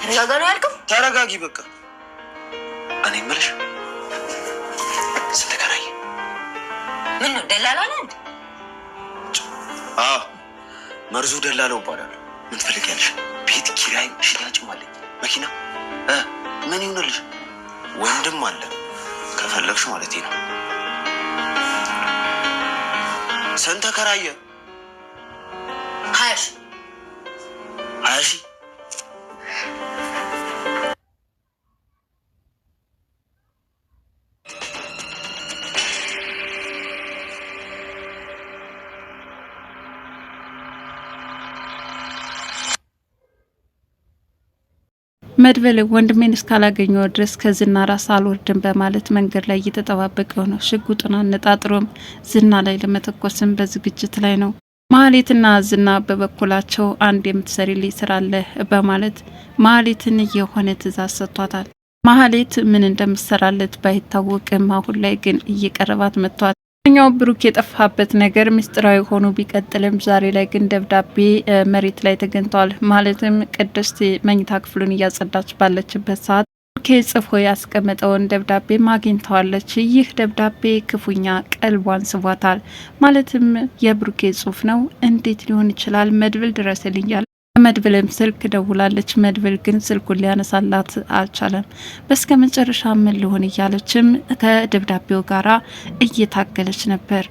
ተረጋጋ ነው ያልከው? ተረጋጊ በቃ። እኔ የምልሽ ስትከራይ ምን ነው ደላላ ነው? አዎ መርዙ ደላላው እባላለሁ። ምን ትፈልጊያለሽ? ቤት ኪራይ ሽያጭም አለኝ። መኪና ምን ይሁንልሽ? ወንድም አለ ከፈለግሽ ማለት ነው። ስንት ተከራየ? ሀያ ሺህ ሀያ ሺህ መድበል ወንድሜን እስካላገኘው ድረስ ከዝና ራስ አልወርድም በማለት መንገድ ላይ እየተጠባበቀው ነው። ሽጉጡን አነጣጥሮም ዝና ላይ ለመተኮስም በዝግጅት ላይ ነው። ማህሌትና ዝና በበኩላቸው አንድ የምትሰሪልኝ ስራ አለ በማለት ማህሌትን የሆነ ትዕዛዝ ሰጥቷታል። ማህሌት ምን እንደምትሰራለት ባይታወቅም አሁን ላይ ግን እየቀረባት መጥቷል። ኛው ብሩክ የጠፋበት ነገር ምስጢራዊ ሆኖ ቢቀጥልም ዛሬ ላይ ግን ደብዳቤ መሬት ላይ ተገኝቷል። ማለትም ቅድስት መኝታ ክፍሉን እያጸዳች ባለችበት ሰዓት ብሩክ ጽፎ ያስቀመጠውን ደብዳቤ ማግኝተዋለች። ይህ ደብዳቤ ክፉኛ ቀልቧን ስቧታል። ማለትም የብሩኬ ጽሁፍ ነው። እንዴት ሊሆን ይችላል? መድብል ድረስልኛል መድብልም ስልክ ደውላለች። መድብል ግን ስልኩን ሊያነሳላት አልቻለም። በስከ መጨረሻ ምን ልሆን እያለችም ከደብዳቤው ጋራ እየታገለች ነበር።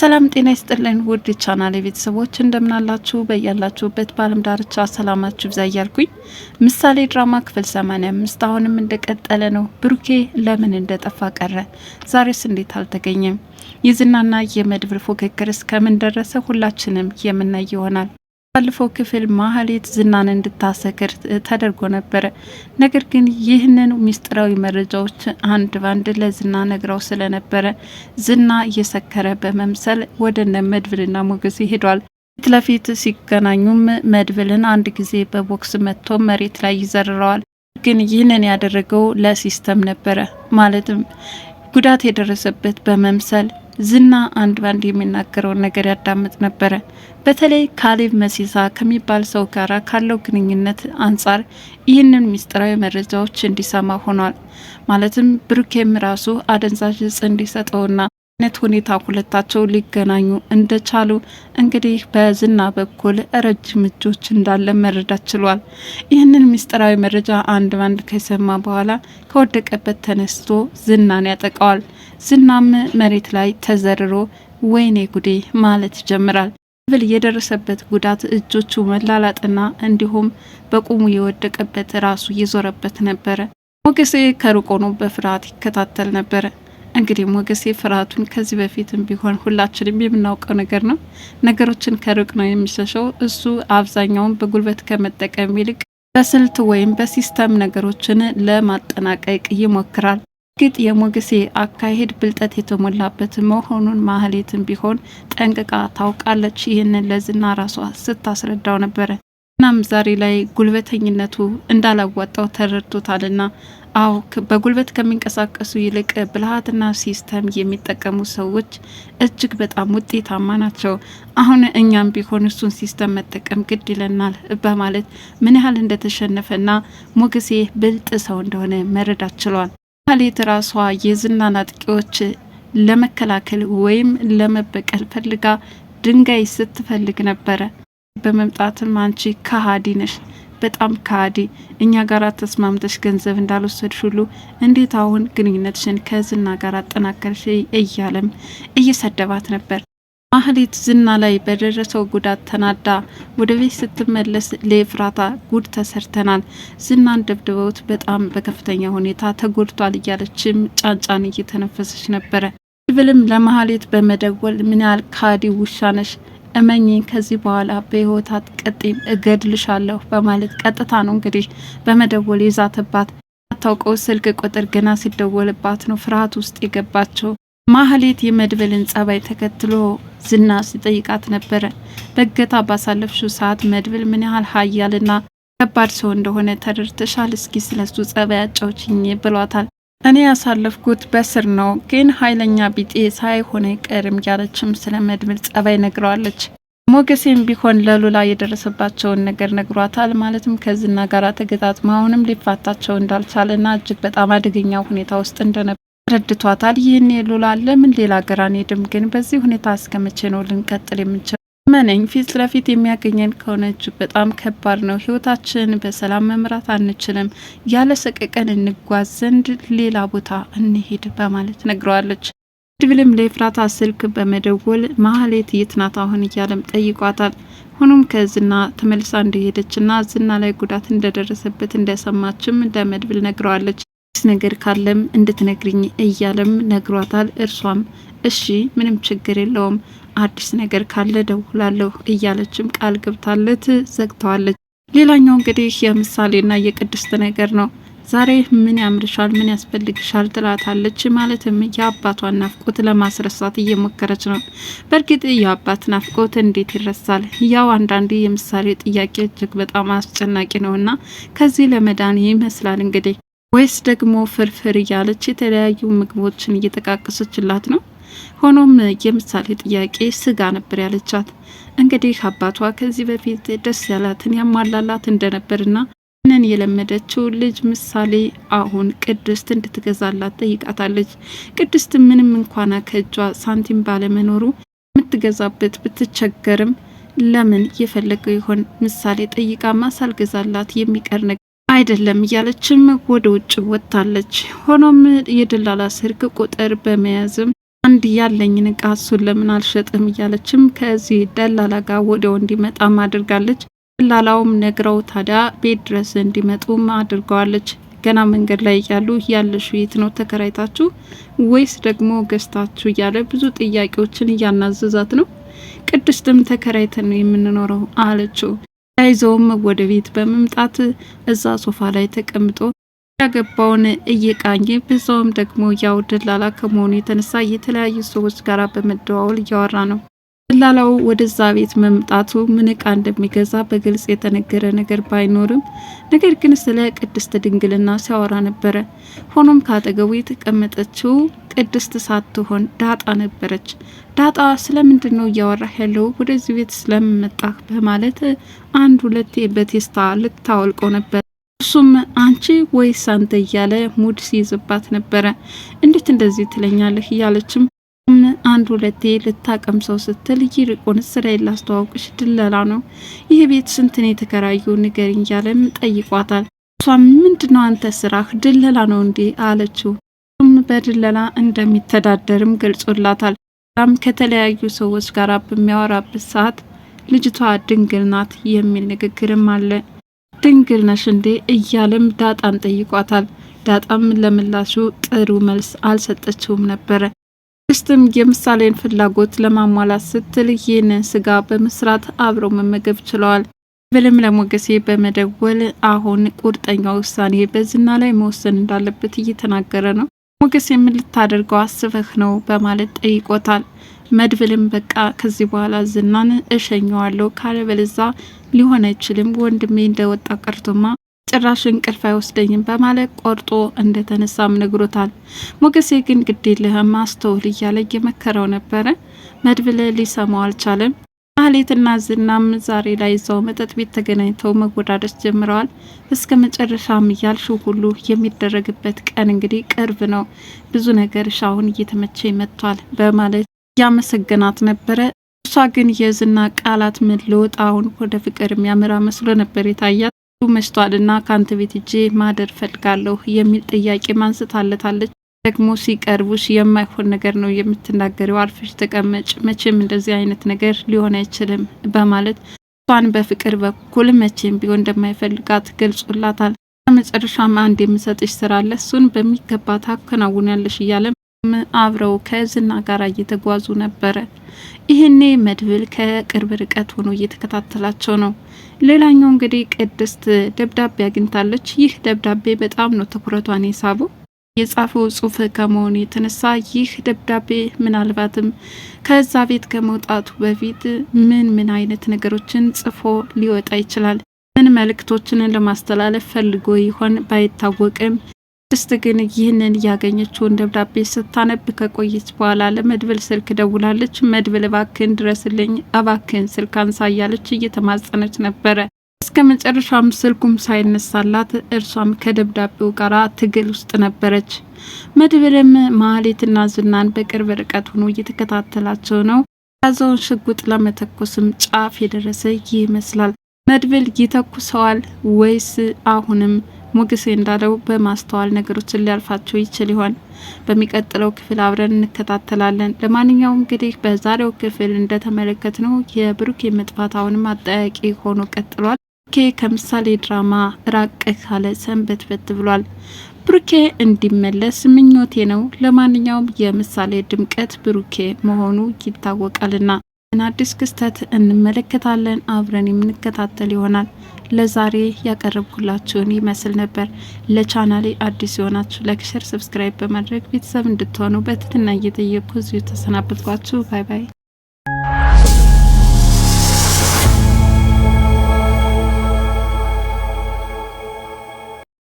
ሰላም ጤና ይስጥልን ውድ ቻናል ቤተሰቦች እንደምናላችሁ በያላችሁበት በአለም ዳርቻ ሰላማችሁ ብዛ እያልኩኝ ምሳሌ ድራማ ክፍል 85 አሁንም እንደቀጠለ ነው። ብሩኬ ለምን እንደጠፋ ቀረ? ዛሬስ እንዴት አልተገኘም? የዝናና የመድብል ፉክክር እስከምን ደረሰ? ሁላችንም የምናይ ይሆናል። ባለፈው ክፍል ማህሌት ዝናን እንድታሰክር ተደርጎ ነበረ። ነገር ግን ይህንን ሚስጥራዊ መረጃዎች አንድ ባንድ ለዝና ነግረው ስለነበረ ዝና እየሰከረ በመምሰል ወደ እነ መድብልና ሞገስ ይሄዷል። ፊት ለፊት ሲገናኙም መድብልን አንድ ጊዜ በቦክስ መጥቶ መሬት ላይ ይዘርረዋል። ግን ይህንን ያደረገው ለሲስተም ነበረ። ማለትም ጉዳት የደረሰበት በመምሰል ዝና አንድ ባንድ የሚናገረውን ነገር ያዳምጥ ነበረ። በተለይ ካሌብ መሲሳ ከሚባል ሰው ጋር ካለው ግንኙነት አንጻር ይህንን ሚስጥራዊ መረጃዎች እንዲሰማ ሆኗል። ማለትም ብሩኬም ራሱ አደንዛዥ እጽ እንዲሰጠውና አይነት ሁኔታ ሁለታቸው ሊገናኙ እንደቻሉ እንግዲህ በዝና በኩል ረጅም እጆች እንዳለ መረዳት ችሏል። ይህንን ሚስጥራዊ መረጃ አንድ ባንድ ከሰማ በኋላ ከወደቀበት ተነስቶ ዝናን ያጠቃዋል። ዝናም መሬት ላይ ተዘርሮ ወይኔ ጉዴ ማለት ይጀምራል። ብል የደረሰበት ጉዳት እጆቹ መላላጥና እንዲሁም በቁሙ የወደቀበት ራሱ እየዞረበት ነበረ። ሞገሴ ከሩቅ ሆኖ በፍርሃት ይከታተል ነበረ። እንግዲህ ሞገሴ ፍርሃቱን ከዚህ በፊትም ቢሆን ሁላችንም የምናውቀው ነገር ነው። ነገሮችን ከሩቅ ነው የሚሸሸው። እሱ አብዛኛውን በጉልበት ከመጠቀም ይልቅ በስልት ወይም በሲስተም ነገሮችን ለማጠናቀቅ ይሞክራል። ግጥ የሞገሴ አካሄድ ብልጠት የተሞላበት መሆኑን ማህሌትን ቢሆን ጠንቅቃ ታውቃለች። ይህንን ለዝና ራሷ ስታስረዳው ነበረ። እናም ዛሬ ላይ ጉልበተኝነቱ እንዳላዋጣው ተረድቶታልና አዎ በጉልበት ከሚንቀሳቀሱ ይልቅ ብልሃትና ሲስተም የሚጠቀሙ ሰዎች እጅግ በጣም ውጤታማ ናቸው። አሁን እኛም ቢሆን እሱን ሲስተም መጠቀም ግድ ይለናል በማለት ምን ያህል እንደተሸነፈና ሞገሴ ብልጥ ሰው እንደሆነ መረዳት ችሏል። ማህሌት ራሷ የዝናን አጥቂዎች ለመከላከል ወይም ለመበቀል ፈልጋ ድንጋይ ስትፈልግ ነበረ። በመምጣትም አንቺ ከሀዲ ነሽ፣ በጣም ከሀዲ፣ እኛ ጋር ተስማምተሽ ገንዘብ እንዳልወሰድሽ ሁሉ እንዴት አሁን ግንኙነትሽን ከዝና ጋር አጠናከርሽ? እያለም እየሰደባት ነበር። ማህሌት ዝና ላይ በደረሰው ጉዳት ተናዳ ወደ ቤት ስትመለስ ለኤፍራታ ጉድ ተሰርተናል፣ ዝናን ደብድበውት በጣም በከፍተኛ ሁኔታ ተጎድቷል እያለችም ጫንጫን እየተነፈሰች ነበረ። ብልም ለማህሌት በመደወል ምን ያህል ካዲ ውሻ ነሽ፣ እመኝ ከዚህ በኋላ በህይወት አትቀጪም፣ እገድልሻለሁ በማለት ቀጥታ ነው እንግዲህ በመደወል ይዛትባት ታውቀው ስልክ ቁጥር ገና ሲደወልባት ነው ፍርሃት ውስጥ የገባቸው። ማህሌት የመድብልን ጸባይ ተከትሎ ዝና ሲጠይቃት ነበረ። በእገታ ባሳለፍሽው ሰዓት መድብል ምን ያህል ሀያልና ከባድ ሰው እንደሆነ ተረድተሻል። እስኪ ስለሱ ጸባይ አጫውችኝ ብሏታል። እኔ ያሳለፍኩት በስር ነው፣ ግን ኃይለኛ ቢጤ ሳይሆነ ቀርም ያለችም ስለ መድብል ጸባይ ነግረዋለች። ሞገሴም ቢሆን ለሉላ የደረሰባቸውን ነገር ነግሯታል። ማለትም ከዝና ጋር ተገጣጥማ አሁንም ሊፋታቸው እንዳልቻለና እጅግ በጣም አደገኛ ሁኔታ ውስጥ እንደነበ ረድቷታል። ይህን የሉላ ለምን ሌላ ሀገር አንሄድም? ግን በዚህ ሁኔታ እስከመቼ ነው ልንቀጥል የምንችል? መነኝ ፊት ለፊት የሚያገኘን ከሆነ እጅግ በጣም ከባድ ነው። ህይወታችን በሰላም መምራት አንችልም። ያለ ሰቀቀን እንጓዝ ዘንድ ሌላ ቦታ እንሄድ በማለት ነግረዋለች። ድብልም ለኤፍራታ ስልክ በመደወል ማህሌት የት ናት አሁን እያለም ጠይቋታል። ሆኖም ከዝና ተመልሳ እንደሄደችና ዝና ላይ ጉዳት እንደደረሰበት እንደሰማችም ለመድብል ነግረዋለች። ነገር ካለም እንድትነግርኝ እያለም ነግሯታል። እርሷም እሺ ምንም ችግር የለውም አዲስ ነገር ካለ ደውላለሁ እያለችም ቃል ገብታለት ዘግተዋለች። ሌላኛው እንግዲህ የምሳሌና የቅድስት ነገር ነው። ዛሬ ምን ያምርሻል፣ ምን ያስፈልግሻል ትላታለች። ማለትም የአባቷን ናፍቆት ለማስረሳት እየሞከረች ነው። በእርግጥ የአባት ናፍቆት እንዴት ይረሳል? ያው አንዳንዴ የምሳሌ ጥያቄ እጅግ በጣም አስጨናቂ ነውና ከዚህ ለመዳን ይመስላል እንግዲህ ወይስ ደግሞ ፍርፍር እያለች የተለያዩ ምግቦችን እየጠቃቀሰችላት ነው። ሆኖም የምሳሌ ጥያቄ ስጋ ነበር ያለቻት። እንግዲህ አባቷ ከዚህ በፊት ደስ ያላትን ያሟላላት እንደነበርና ይህንን የለመደችው ልጅ ምሳሌ አሁን ቅድስት እንድትገዛላት ጠይቃታለች። ቅድስት ምንም እንኳን ከእጇ ሳንቲም ባለመኖሩ የምትገዛበት ብትቸገርም ለምን የፈለገው ይሆን ምሳሌ ጠይቃማ ሳልገዛላት የሚቀር ነገር አይደለም እያለችም ወደ ውጭ ወጥታለች። ሆኖም የደላላ ስልክ ቁጥር በመያዝም አንድ ያለኝን እቃ እሱን ለምን አልሸጥም እያለችም ከዚህ ደላላ ጋር ወዲያው እንዲመጣም አድርጋለች። ደላላውም ነግረው ታዲያ ቤት ድረስ እንዲመጡም አድርገዋለች። ገና መንገድ ላይ እያሉ ያለሹ የት ነው ተከራይታችሁ ወይስ ደግሞ ገዝታችሁ እያለ ብዙ ጥያቄዎችን እያናዘዛት ነው። ቅድስትም ተከራይተን ነው የምንኖረው አለችው። ተያይዘውም ወደ ቤት በመምጣት እዛ ሶፋ ላይ ተቀምጦ ያገባውን እየቃኘ በዛውም ደግሞ ያው ደላላ ከመሆኑ የተነሳ የተለያዩ ሰዎች ጋር በመደዋወል እያወራ ነው። ደላላው ወደዛ ቤት መምጣቱ ምን እቃ እንደሚገዛ በግልጽ የተነገረ ነገር ባይኖርም ነገር ግን ስለ ቅድስት ድንግልና ሲያወራ ነበረ። ሆኖም ካጠገቡ የተቀመጠችው ቅድስት ሳትሆን ዳጣ ነበረች። ዳጣ ስለምንድን ነው እያወራህ ያለው ወደዚህ ቤት ስለምመጣህ በማለት አንድ ሁለት በቴስታ ልታወልቆ ነበር። እሱም አንቺ ወይስ አንተ እያለ ሙድ ሲይዝባት ነበረ። እንዴት እንደዚህ ትለኛለህ እያለችም አንድ ሁለቴ ሰው ስትል ይልቁን ስራ ላስተዋውቅሽ ድለላ ነው፣ ይህ ቤት ስንትን የተከራዩ ንገሪኝ እያለም ጠይቋታል። እሷም ምንድነው አንተ ስራህ ድለላ ነው እንዴ አለችው። እሱም በድለላ እንደሚተዳደርም ገልጾላታል። ም ከተለያዩ ሰዎች ጋር በሚያወራበት ሰዓት ልጅቷ ድንግል ናት የሚል ንግግርም አለ። ድንግል ነሽ እንዴ እያለም ዳጣን ጠይቋታል። ዳጣም ለምላሹ ጥሩ መልስ አልሰጠችውም ነበረ። ትዕግስትም የምሳሌን ፍላጎት ለማሟላት ስትል ይህንን ስጋ በመስራት አብረው መመገብ ችለዋል። ብልም ለሞገሴ በመደወል አሁን ቁርጠኛ ውሳኔ በዝና ላይ መወሰን እንዳለበት እየተናገረ ነው። ሞገሴ ምን ልታደርገው አስበህ ነው በማለት ጠይቆታል። መድብልም በቃ ከዚህ በኋላ ዝናን እሸኘዋለሁ ካለበለዛ ሊሆን አይችልም ወንድሜ እንደወጣ ቀርቶማ ጭራሽ እንቅልፍ አይወስደኝም በማለት ቆርጦ እንደተነሳም ነግሮታል። ሞገሴ ግን ግዴለህም አስተውል እያለ እየመከረው ነበረ። መድብለ ሊሰማው አልቻለም። ማህሌትና ዝናም ዛሬ ላይ እዛው መጠጥ ቤት ተገናኝተው መወዳደስ ጀምረዋል። እስከ መጨረሻም እያልሽው ሁሉ የሚደረግበት ቀን እንግዲህ ቅርብ ነው፣ ብዙ ነገር ሻሁን እየተመቸ ይመጥቷል በማለት እያመሰገናት ነበረ። እሷ ግን የዝና ቃላት መለወጥ አሁን ወደ ፍቅር የሚያመራ መስሎ ነበር የታያት። መሽቷልና ከአንተ ቤት እጄ ማደር ፈልጋለሁ የሚል ጥያቄ ማንስታለታለች። ደግሞ ሲቀርቡሽ የማይሆን ነገር ነው የምትናገሪው፣ አርፈሽ ተቀመጭ፣ መቼም እንደዚህ አይነት ነገር ሊሆን አይችልም በማለት እሷን በፍቅር በኩል መቼም ቢሆን እንደማይፈልጋት ገልጾላታል። በመጨረሻም አንድ የምሰጥሽ ስራ አለ፣ እሱን በሚገባ ታከናውኛለሽ እያለም አብረው ከዝና ጋር እየተጓዙ ነበረ። ይህኔ መድብል ከቅርብ ርቀት ሆኖ እየተከታተላቸው ነው። ሌላኛው እንግዲህ ቅድስት ደብዳቤ አግኝታለች። ይህ ደብዳቤ በጣም ነው ትኩረቷን የሳቡ። የጻፈው ጽሁፍ ከመሆኑ የተነሳ ይህ ደብዳቤ ምናልባትም ከዛ ቤት ከመውጣቱ በፊት ምን ምን አይነት ነገሮችን ጽፎ ሊወጣ ይችላል፣ ምን መልእክቶችን ለማስተላለፍ ፈልጎ ይሆን ባይታወቅም ቅድስት ግን ይህንን እያገኘችውን ደብዳቤ ስታነብ ከቆየች በኋላ ለመድብል ስልክ ደውላለች። መድብል እባክን ድረስልኝ፣ እባክን ስልክ አንሳ እያለች እየተማጸነች ነበረ። እስከ መጨረሻም ስልኩም ሳይነሳላት እርሷም ከደብዳቤው ጋር ትግል ውስጥ ነበረች። መድብልም ማህሌትና ዝናን በቅርብ ርቀት ሆኖ እየተከታተላቸው ነው። ያዘውን ሽጉጥ ለመተኮስም ጫፍ የደረሰ ይመስላል። መድብል ይተኩሰዋል ወይስ አሁንም ሞገሴ እንዳለው በማስተዋል ነገሮችን ሊያልፋቸው ይችል ይሆን? በሚቀጥለው ክፍል አብረን እንከታተላለን። ለማንኛውም እንግዲህ በዛሬው ክፍል እንደተመለከት ነው የብሩኬ መጥፋት አሁንም አጠያቂ ሆኖ ቀጥሏል። ብሩኬ ከምሳሌ ድራማ ራቅ ካለ ሰንበትበት ብሏል። ብሩኬ እንዲመለስ ምኞቴ ነው። ለማንኛውም የምሳሌ ድምቀት ብሩኬ መሆኑ ይታወቃልና ምን አዲስ ክስተት እንመለከታለን። አብረን የምንከታተል ይሆናል። ለዛሬ ያቀረብኩላችሁን ይመስል ነበር። ለቻናሌ አዲስ የሆናችሁ ላይክ፣ ሸር፣ ሰብስክራይብ በማድረግ ቤተሰብ እንድትሆኑ በትህትና እየጠየቅኩ እዚሁ ተሰናበትኳችሁ። ባይ ባይ።